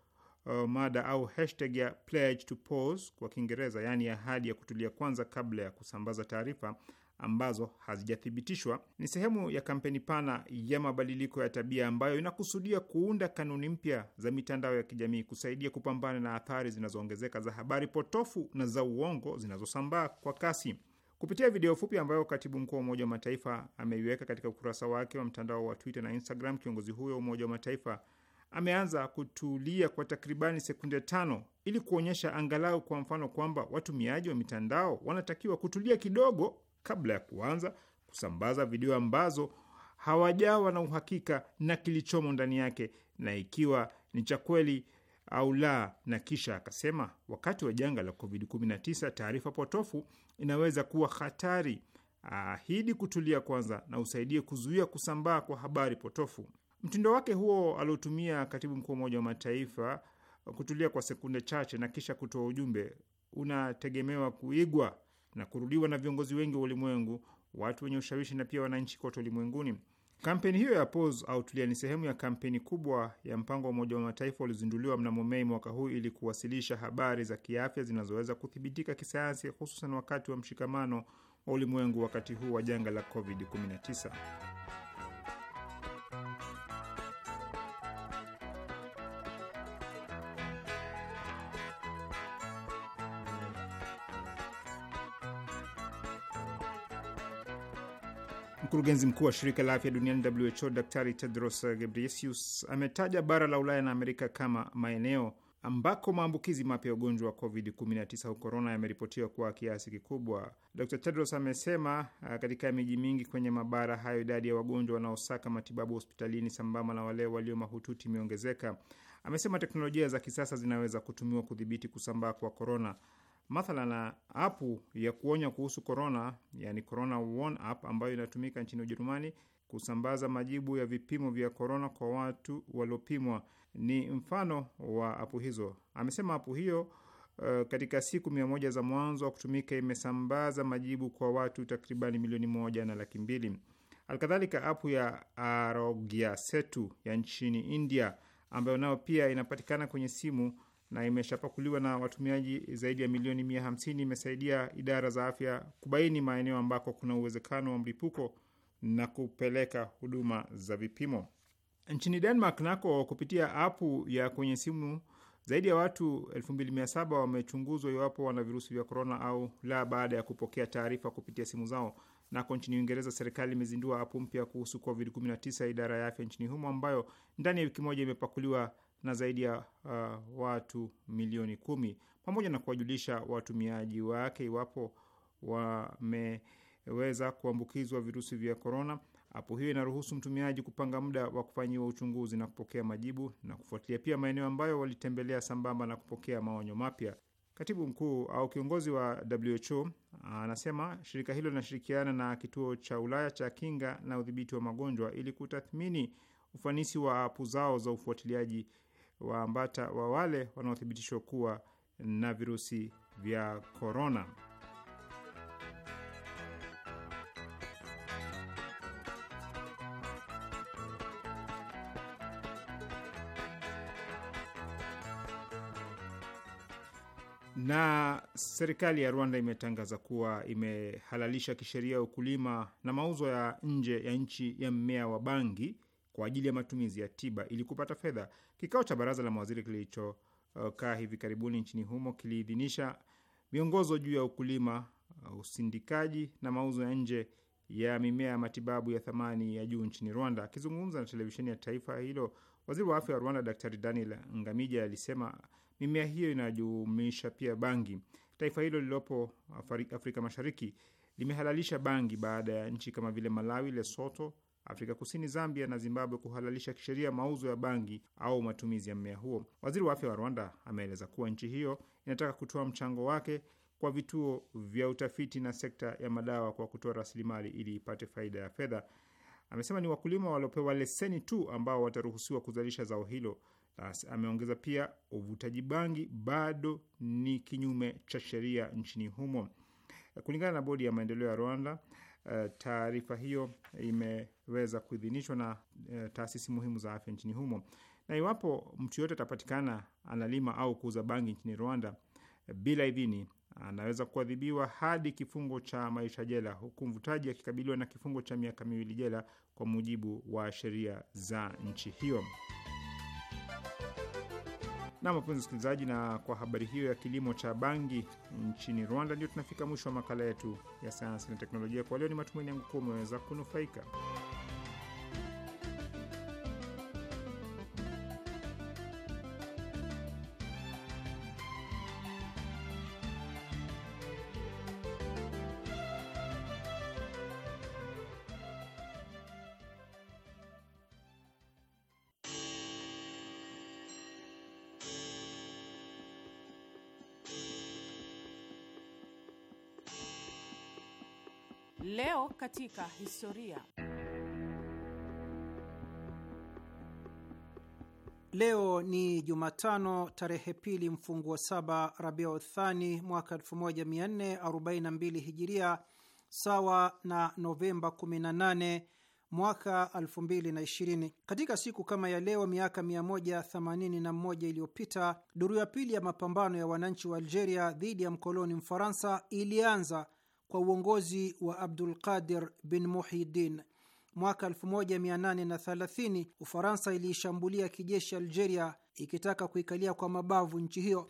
Speaker 6: uh, mada au hashtag ya pledge to pause kwa Kiingereza, yaani ahadi ya kutulia kwanza kabla ya kusambaza taarifa ambazo hazijathibitishwa ni sehemu ya kampeni pana ya mabadiliko ya tabia ambayo inakusudia kuunda kanuni mpya za mitandao ya kijamii, kusaidia kupambana na athari zinazoongezeka za habari potofu na za uongo zinazosambaa kwa kasi. Kupitia video fupi ambayo katibu mkuu wa Umoja wa Mataifa ameiweka katika ukurasa wake wa mtandao wa Twitter na Instagram, kiongozi huyo wa Umoja wa Mataifa ameanza kutulia kwa takribani sekunde tano ili kuonyesha angalau kwa mfano kwamba watumiaji wa mitandao wanatakiwa kutulia kidogo kabla ya kuanza kusambaza video ambazo hawajawa na uhakika na kilichomo ndani yake na ikiwa ni cha kweli au la, na kisha akasema, wakati wa janga la COVID-19 taarifa potofu inaweza kuwa hatari. Ahidi kutulia kwanza na usaidie kuzuia kusambaa kwa habari potofu. Mtindo wake huo aliotumia katibu mkuu wa Umoja wa Mataifa, kutulia kwa sekunde chache na kisha kutoa ujumbe, unategemewa kuigwa na kurudiwa na viongozi wengi wa ulimwengu, watu wenye ushawishi na pia wananchi kote ulimwenguni. Kampeni hiyo ya Pause au tulia ni sehemu ya kampeni kubwa ya mpango wa Umoja wa Mataifa uliozinduliwa mnamo Mei mwaka huu ili kuwasilisha habari za kiafya zinazoweza kuthibitika kisayansi, hususan wakati wa mshikamano wa ulimwengu wakati huu wa janga la COVID-19. Mkurugenzi mkuu wa shirika la afya duniani WHO Daktari Tedros Ghebreyesus ametaja bara la Ulaya na Amerika kama maeneo ambako maambukizi mapya ya ugonjwa wa COVID-19 au korona yameripotiwa kwa kiasi kikubwa. Dr Tedros amesema uh, katika miji mingi kwenye mabara hayo idadi ya wagonjwa wanaosaka matibabu hospitalini sambamba na wale walio mahututi imeongezeka. Amesema teknolojia za kisasa zinaweza kutumiwa kudhibiti kusambaa kwa korona Mathalan, apu ya kuonya kuhusu corona, yani corona warn app, ambayo inatumika nchini Ujerumani kusambaza majibu ya vipimo vya korona kwa watu waliopimwa ni mfano wa apu hizo. Amesema apu hiyo uh, katika siku mia moja za mwanzo wa kutumika imesambaza majibu kwa watu takribani milioni moja na laki mbili. Alkadhalika, apu ya Arogya Setu ya nchini India ambayo nayo pia inapatikana kwenye simu na imeshapakuliwa na watumiaji zaidi ya milioni mia hamsini imesaidia idara za afya kubaini maeneo ambako kuna uwezekano wa mlipuko na kupeleka huduma za vipimo. Nchini Denmark nako, kupitia apu ya kwenye simu zaidi ya watu 2700 wamechunguzwa iwapo wana virusi vya korona au la, baada ya kupokea taarifa kupitia simu zao. Nako nchini Uingereza, serikali imezindua apu mpya kuhusu COVID-19 idara ya afya nchini humo, ambayo ndani ya wiki moja imepakuliwa na zaidi ya uh, watu milioni kumi pamoja na kuwajulisha watumiaji wake iwapo wameweza kuambukizwa virusi vya korona. hapo hiyo inaruhusu mtumiaji kupanga muda wa kufanyiwa uchunguzi na kupokea majibu na kufuatilia pia maeneo ambayo walitembelea sambamba na kupokea maonyo mapya. Katibu mkuu au kiongozi wa WHO anasema shirika hilo linashirikiana na kituo cha Ulaya cha kinga na udhibiti wa magonjwa ili kutathmini ufanisi wa apu zao za ufuatiliaji waambata wa wale wanaothibitishwa kuwa na virusi vya korona. Na serikali ya Rwanda imetangaza kuwa imehalalisha kisheria ukulima na mauzo ya nje ya nchi ya mmea wa bangi kwa ajili ya matumizi ya tiba ili kupata fedha. Kikao cha baraza la mawaziri kilichokaa uh, hivi karibuni nchini humo kiliidhinisha miongozo juu ya ukulima, uh, usindikaji na mauzo ya nje ya mimea ya matibabu ya thamani ya juu nchini Rwanda. Akizungumza na televisheni ya taifa hilo, waziri wa afya wa Rwanda Daktari Daniel Ngamija alisema mimea hiyo inajumuisha pia bangi. Taifa hilo lililopo Afrika Mashariki limehalalisha bangi baada ya nchi kama vile Malawi, Lesoto, Afrika Kusini, Zambia na Zimbabwe kuhalalisha kisheria mauzo ya bangi au matumizi ya mmea huo. Waziri wa afya wa Rwanda ameeleza kuwa nchi hiyo inataka kutoa mchango wake kwa vituo vya utafiti na sekta ya madawa kwa kutoa rasilimali ili ipate faida ya fedha. Amesema ni wakulima waliopewa leseni tu ambao wataruhusiwa kuzalisha zao hilo. Ameongeza pia uvutaji bangi bado ni kinyume cha sheria nchini humo. Kulingana na bodi ya maendeleo ya Rwanda, Eh, taarifa hiyo imeweza kuidhinishwa na uh, taasisi muhimu za afya nchini humo. Na iwapo mtu yoyote atapatikana analima au kuuza bangi nchini Rwanda eh, bila idhini, anaweza kuadhibiwa hadi kifungo cha maisha jela, huku mvutaji akikabiliwa na kifungo cha miaka miwili jela kwa mujibu wa sheria za nchi hiyo. Nam, mapenzi msikilizaji, na kwa habari hiyo ya kilimo cha bangi nchini Rwanda, ndio tunafika mwisho wa makala yetu ya sayansi na teknolojia kwa leo. Ni matumaini yangu kuwa umeweza kunufaika.
Speaker 5: katika historia.
Speaker 3: Leo ni Jumatano, tarehe pili mfunguo saba Rabiu Thani mwaka 1442 Hijiria, sawa na Novemba 18 mwaka 2020. Katika siku kama ya leo miaka 181 iliyopita, duru ya pili ya mapambano ya wananchi wa Algeria dhidi ya mkoloni Mfaransa ilianza kwa uongozi wa Abdulqadir bin Muhyiddin. Mwaka 1830 Ufaransa iliishambulia kijeshi Algeria ikitaka kuikalia kwa mabavu nchi hiyo.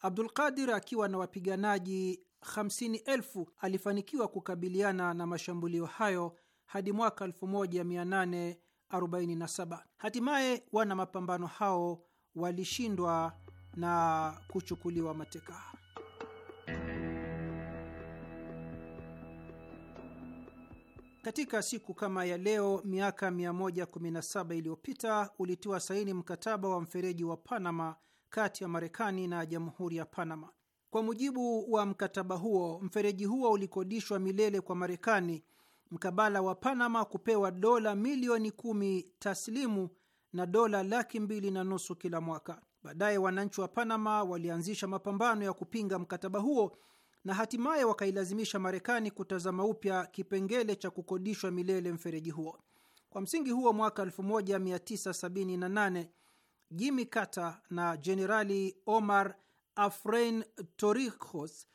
Speaker 3: Abdulqadir akiwa na wapiganaji 50,000 alifanikiwa kukabiliana na mashambulio hayo hadi mwaka 1847. Hatimaye wana mapambano hao walishindwa na kuchukuliwa mateka. Katika siku kama ya leo miaka 117 iliyopita ulitiwa saini mkataba wa mfereji wa Panama kati ya Marekani na jamhuri ya Panama. Kwa mujibu wa mkataba huo, mfereji huo ulikodishwa milele kwa Marekani mkabala wa Panama kupewa dola milioni kumi taslimu na dola laki mbili na nusu kila mwaka. Baadaye wananchi wa Panama walianzisha mapambano ya kupinga mkataba huo na hatimaye wakailazimisha Marekani kutazama upya kipengele cha kukodishwa milele mfereji huo. Kwa msingi huo, mwaka 1978 Jimmy Carter na Jenerali Omar Afrein Torrijos,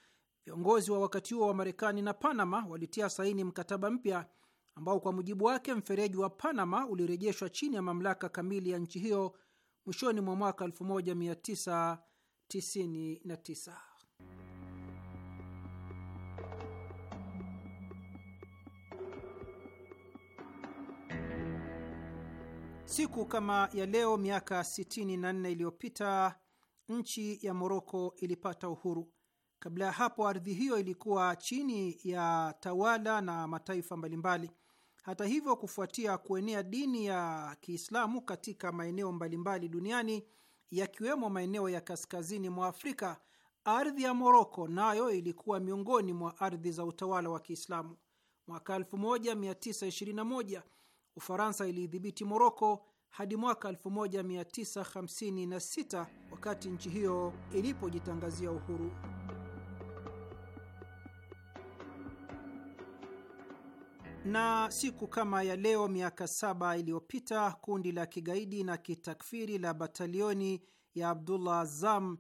Speaker 3: viongozi wa wakati huo wa Marekani na Panama, walitia saini mkataba mpya ambao kwa mujibu wake mfereji wa Panama ulirejeshwa chini ya mamlaka kamili ya nchi hiyo mwishoni mwa mwaka 1999. Siku kama ya leo miaka 64 iliyopita nchi ya Moroko ilipata uhuru. Kabla ya hapo, ardhi hiyo ilikuwa chini ya tawala na mataifa mbalimbali. Hata hivyo, kufuatia kuenea dini ya Kiislamu katika maeneo mbalimbali duniani yakiwemo maeneo ya kaskazini mwa Afrika, ardhi ya Moroko nayo ilikuwa miongoni mwa ardhi za utawala wa Kiislamu. Mwaka 1921 Ufaransa iliidhibiti Moroko hadi mwaka 1956 wakati nchi hiyo ilipojitangazia uhuru. Na siku kama ya leo miaka saba iliyopita kundi la kigaidi na kitakfiri la batalioni ya Abdullah Azam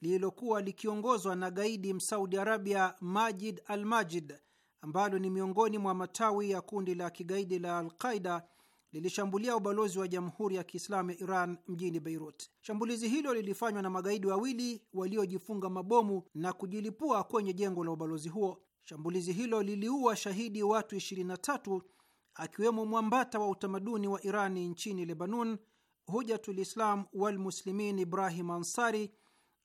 Speaker 3: lililokuwa likiongozwa na gaidi Msaudi Arabia Majid Al Majid ambalo ni miongoni mwa matawi ya kundi la kigaidi la Alqaida lilishambulia ubalozi wa Jamhuri ya Kiislamu ya Iran mjini Beirut. Shambulizi hilo lilifanywa na magaidi wawili waliojifunga mabomu na kujilipua kwenye jengo la ubalozi huo. Shambulizi hilo liliua shahidi watu 23 akiwemo mwambata wa utamaduni wa Irani nchini Lebanon, Hujatul Islam wal Ibrahim Ansari,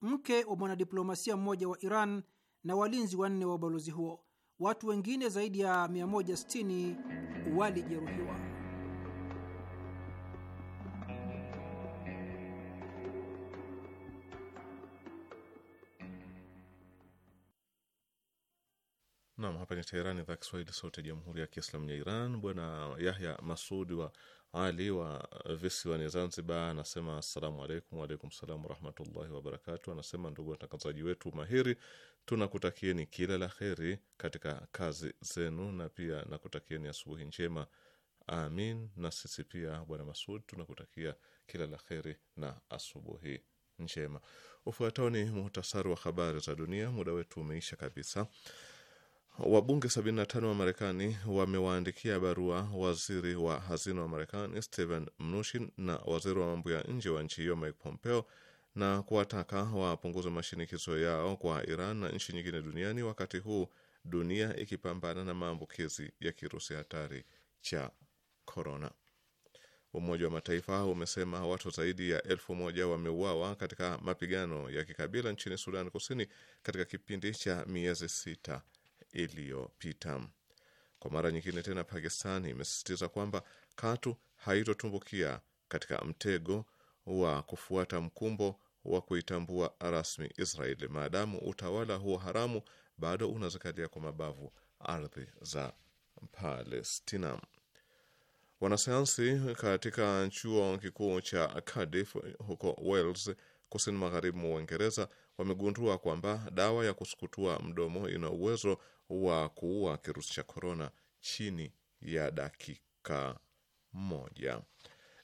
Speaker 3: mke wa mwanadiplomasia mmoja wa Iran na walinzi wanne wa ubalozi huo watu wengine zaidi ya 160 walijeruhiwa.
Speaker 1: Nam, hapa ni Teherani, idhaa Kiswahili, sauti ya jamhuri ya kiislamu ya Iran. Bwana Yahya Masudi wa Ali wa visiwani Zanzibar anasema assalamu alaikum. Waalaikum salam warahmatullahi wabarakatu. Anasema ndugu watangazaji wetu mahiri, Tunakutakieni kila la heri katika kazi zenu na pia nakutakieni asubuhi njema. Amin. Na sisi pia Bwana Masud tunakutakia kila la heri na asubuhi njema. Ufuatao ni muhtasari wa habari za dunia, muda wetu umeisha kabisa. Wabunge 75 wa Marekani wamewaandikia barua waziri wa hazina wa Marekani Steven Mnuchin na waziri wa mambo ya nje wa nchi hiyo Mike Pompeo na kuwataka wapunguze mashinikizo yao kwa Iran na nchi nyingine duniani wakati huu dunia ikipambana na maambukizi ya kirusi hatari cha korona. Umoja wa Mataifa umesema watu zaidi ya elfu moja wameuawa katika mapigano ya kikabila nchini Sudan Kusini katika kipindi cha miezi sita iliyopita. Kwa mara nyingine tena, Pakistan imesisitiza kwamba katu haitotumbukia katika mtego wa kufuata mkumbo wa kuitambua rasmi Israeli maadamu utawala huo haramu bado unazikalia kwa mabavu ardhi za Palestina. Wanasayansi katika chuo kikuu cha Cardiff huko Wales, kusini magharibi mwa Uingereza, wamegundua kwamba dawa ya kusukutua mdomo ina uwezo wa kuua kirusi cha korona chini ya dakika moja.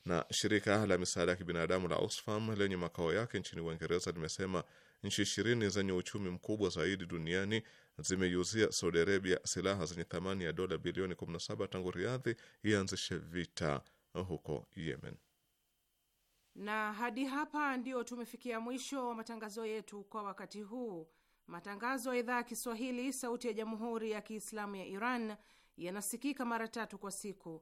Speaker 1: Na shirika la misaada ya kibinadamu la Oxfam lenye makao yake nchini Uingereza limesema nchi ishirini zenye uchumi mkubwa zaidi duniani zimeiuzia Saudi Arabia silaha zenye thamani ya dola bilioni 17 tangu Riadhi ianzishe vita huko Yemen.
Speaker 5: Na hadi hapa ndio tumefikia mwisho wa matangazo yetu kwa wakati huu. Matangazo ya idhaa ya Kiswahili, Sauti ya Jamhuri ya Kiislamu ya Iran yanasikika mara tatu kwa siku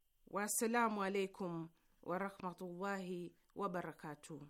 Speaker 5: Wassalamu alaikum warahmatullahi wabarakatu.